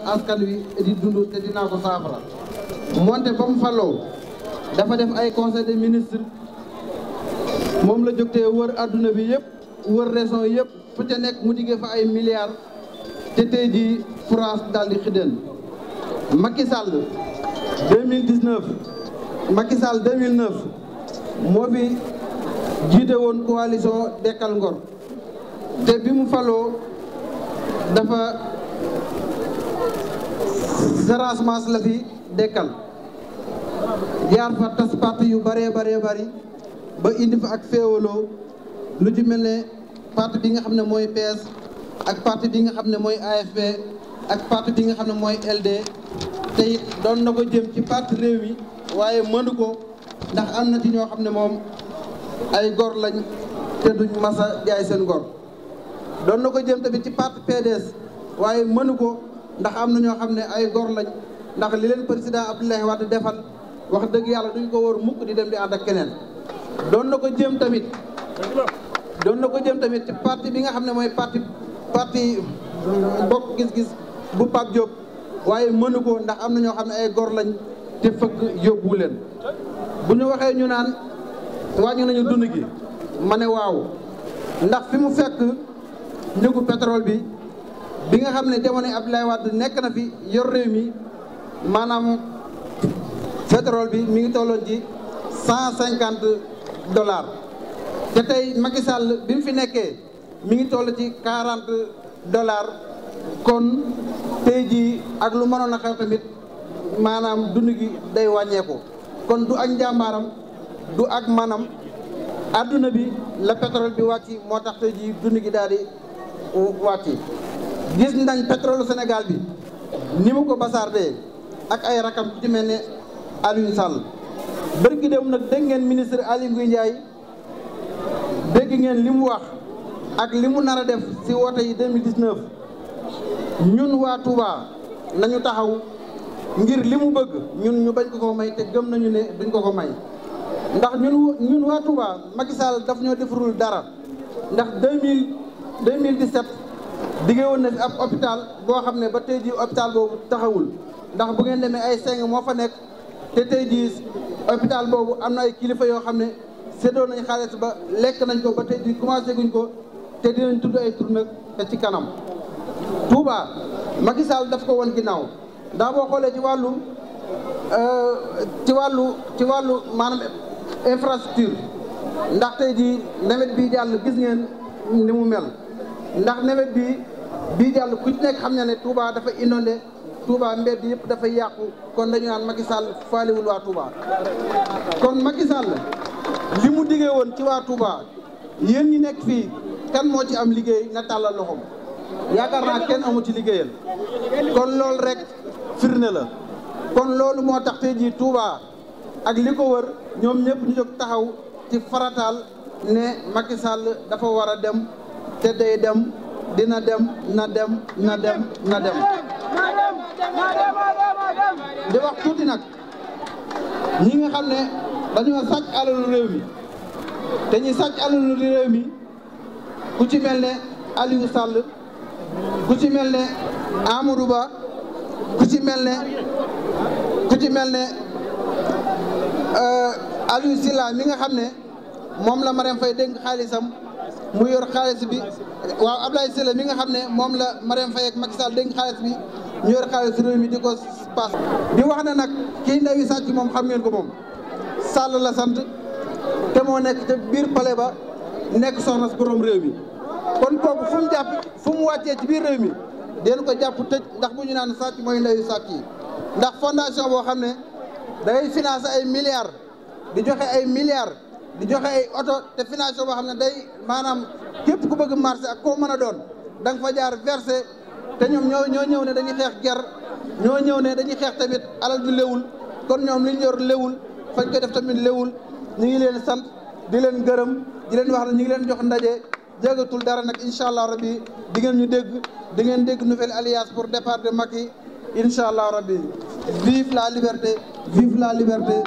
askan wi di dund te dinaa ko saafara moonte ba mu faloo dafa def ay conseil des ministres moom la jógtee wër àdduna bi yëpp wër région yëpp fu ca nekk mu diggee fa ay milliards te tey di France daal di xideen Macky Sall 2019 Macky Sall 2009 moo fi jiite woon coalition Dekkal Ngor te bi faloo dafa Casamance la fi dekkal jaar fa tas parti yu bëree bëree bari ba indi fa ak féewaloo lu ci mel ne part bi nga xam ne mooy PS ak parti bi nga xam ne mooy AFP ak parti bi nga xam ne mooy LD te doon na ko jëm ci parti réew yi waaye mënu ko ndax am na ci ñoo xam ne moom ay gor lañ te duñ masa jaay seen gor doon na ko jëm tamit ci parti PDS waaye mënu ko ndax am na ñoo xam ne ay gor lañ ndax li leen président Abdoulaye Wade defal wax dëgg yàlla duñ ko war mukk di dem di ànd ak keneen doon na ko jëm tamit doon na ko jëm tamit ci parti bi nga xam ne mooy parti parti bokk gis-gis bu Pape Diop waaye mënu ko ndax am na ñoo xam ne ay gor lañ te fëgg yóbbu leen bu ñu waxee ñu naan wàññi nañu dund gi ma ne waaw ndax fi mu fekk njëgu pétrole bi bi nga xam ne jamono Abdoulaye Wade nekk na fi yor réew mi maanaam pétrole bi mi ngi tolloon ji cent cinquante dollars te tey Macky bi mu fi nekkee mi ngi toll ci quarante dollars kon tey jii ak lu mënoon a xew tamit maanaam dund gi day wàññeeku kon du ak njàmbaaram du ak maanaam àdduna bi la pétrole bi wàcc moo tax tey jii dund gi daal di wàcc. gis ndañ pétrole Sénégal bi ni mu ko basaardee ak ay rakam ci mel ne Aliou Sall bërki dem nag dégg ngeen ministre Aly Ngouille Ndiaye dégg ngeen li mu wax ak li mu nar a def si woote yi 2019 ñun waa Touba nañu taxaw ngir li mu bëgg ñun ñu bañ ko ko may te gëm nañu ne duñ ko ko may ndax ñun ñun waa Touba Macky Sall daf ñoo defarul dara ndax 2000 2017 diggé woon na fi ab hôpital boo xam ne ba tey jii hôpital boobu taxawul ndax bu ngeen demee ay seng moo fa nekk te tey di hôpital boobu am na ay kilifa yoo xam ne séddoo nañ xaalis ba lekk nañ ko ba tey jii commencé guñ ko te dinañ tudd ay tur te ci kanam. Touba Macky Sall daf ko woon ginnaaw daa boo xoolee ci wàllu euh, ci wàllu ci wàllu maanaam infrastructure ndax tey jii nawet bii daal gis ngeen ni mu mel. ndax nawet bi bii jàll ku ci nekk xam na ne Touba dafa inondé Touba mbedd yëpp dafa yàqu kon dañu naan Macky sàll faalewul waa Touba kon Macky Sall li mu diggee woon ci waa Touba yéen ñi nekk fii kan moo ci am liggéey na tàllal loxoom yaakaar naa kenn amu ci liggéeyal kon loolu rek firnde la kon loolu moo tax tey ji Touba ak li ko wër ñoom ñëpp ñu jóg taxaw ci farataal ne Macky sàll dafa war a dem. te day dem dina dem na dem na dem na dem di wax tuuti ñi nga xam ne dañoo sàcc alalu réew mi te ñi sàcc alalu réew mi ku ci mel ne Aliou Sall ku ci mel ne Amadou Ba ku ci mel ne ku ci mel ne euh, Aliou Silla mi nga xam ne moom la Marème Faye dénk xaalisam mu yor xaalis bi waaw Ablaye Sylla mi nga xam ne moom la Marième Faye ak Macky Sall dénk xaalis bi ñu yor xaalis réew mi di ko paas di wax ne nag kii ndawi sàcc moom xam ngeen ko moom Sall la sant te moo nekk ca biir palais ba nekk soxna si borom réew mi kon kooku fu mu jàpp fu mu wàccee ci biir réew mi den ko jàpp tëj ndax bu ñu naan sàcc mooy ndawi sàcc yi ndax fondation boo xam ne day financer ay milliards di joxe ay milliards di joxe ay oto te financement boo xam ne day maanaam képp ku bëgg marché ak koo mën a doon da nga fa jaar versé te ñoom ñoo ñoo ñëw ne dañuy xeex ger ñoo ñëw ne dañuy xeex tamit alal du léwul kon ñoom li ñu yor léwul fañ ko def tamit léwul ñu ngi leen sant di leen gërëm di leen wax ne ñu ngi leen jox ndaje jégatul dara nag incha allah rabbi di ngeen ñu dégg di ngeen dégg nouvelle alliance pour départ de Macky incha allah rabbi vive la liberté vive la liberté